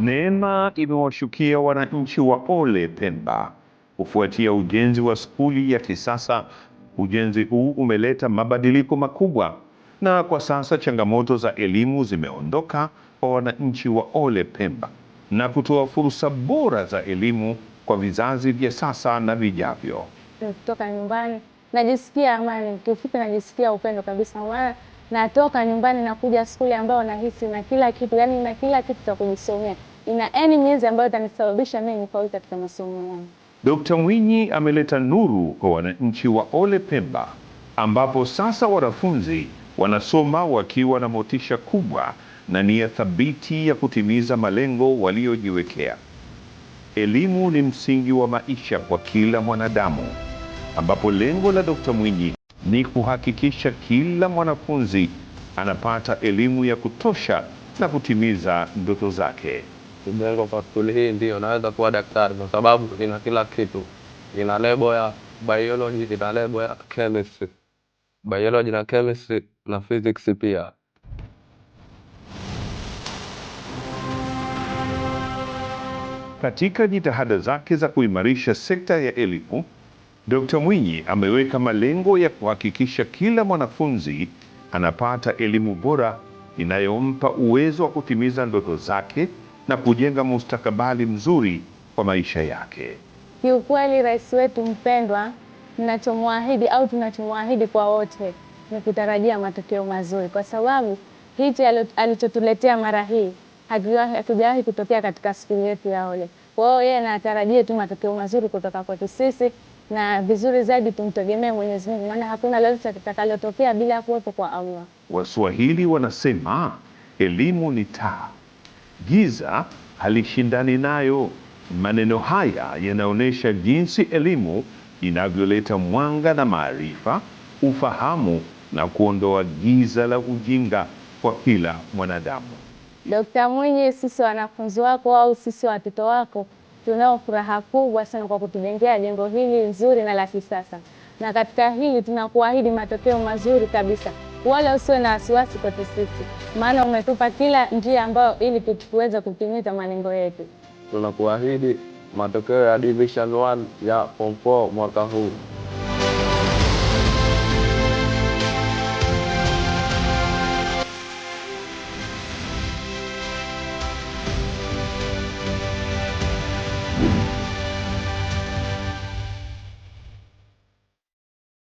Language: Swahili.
Neema imewashukia wananchi wa Ole Pemba kufuatia ujenzi wa skuli ya kisasa. Ujenzi huu umeleta mabadiliko makubwa, na kwa sasa changamoto za elimu zimeondoka kwa wananchi wa Ole Pemba na kutoa fursa bora za elimu kwa vizazi vya sasa na vijavyo. Kutoka nyumbani najisikia amani, kiufupi najisikia upendo kabisa, maana natoka nyumbani nakuja skuli ambayo nahisi na kila kitu yani, na kila kitu cha kujisomea, ina any means ambayo itanisababisha mimi nifaulu katika masomo yangu. Dkt. Mwinyi ameleta nuru kwa wananchi wa Ole Pemba ambapo sasa wanafunzi wanasoma wakiwa na motisha kubwa na nia thabiti ya kutimiza malengo waliojiwekea. Elimu ni msingi wa maisha kwa kila mwanadamu, ambapo lengo la Dkt. Mwinyi ni kuhakikisha kila mwanafunzi anapata elimu ya kutosha na kutimiza ndoto zake. Kujengwa kwa skuli hii ndio naweza kuwa daktari, kwa sababu ina kila kitu. Ina lebo ya biology, ina lebo ya chemistry, biology na chemistry na physics pia. Katika jitihada zake za kuimarisha sekta ya elimu Dkt. Mwinyi ameweka malengo ya kuhakikisha kila mwanafunzi anapata elimu bora inayompa uwezo wa kutimiza ndoto zake na kujenga mustakabali mzuri kwa maisha yake. Kiukweli, rais wetu mpendwa, tunachomwahidi au tunachomwahidi kwa wote ni kutarajia matokeo mazuri, kwa sababu hichi alichotuletea mara hii hakijawahi kutokea katika skuli yetu ya Ole. Kwa hiyo yeye natarajia tu matokeo mazuri kutoka kwetu sisi na vizuri zaidi tumtegemee Mwenyezi Mungu, maana hakuna lolote litakalotokea bila kuwepo kwa Allah. Waswahili wanasema elimu ni taa, giza halishindani nayo. Maneno haya yanaonyesha jinsi elimu inavyoleta mwanga na maarifa, ufahamu na kuondoa giza la ujinga kwa kila mwanadamu. Dokta Mwinyi, sisi wanafunzi wako au sisi watoto wako tunao furaha kubwa sana kwa kutujengea jengo hili nzuri na la kisasa, na katika hili tunakuahidi matokeo mazuri kabisa, wala usiwe na wasiwasi kwetu sisi, maana umetupa kila njia ambayo ili tuweze kutimiza malengo yetu. Tunakuahidi matokeo ya division 1 ya form 4 mwaka huu.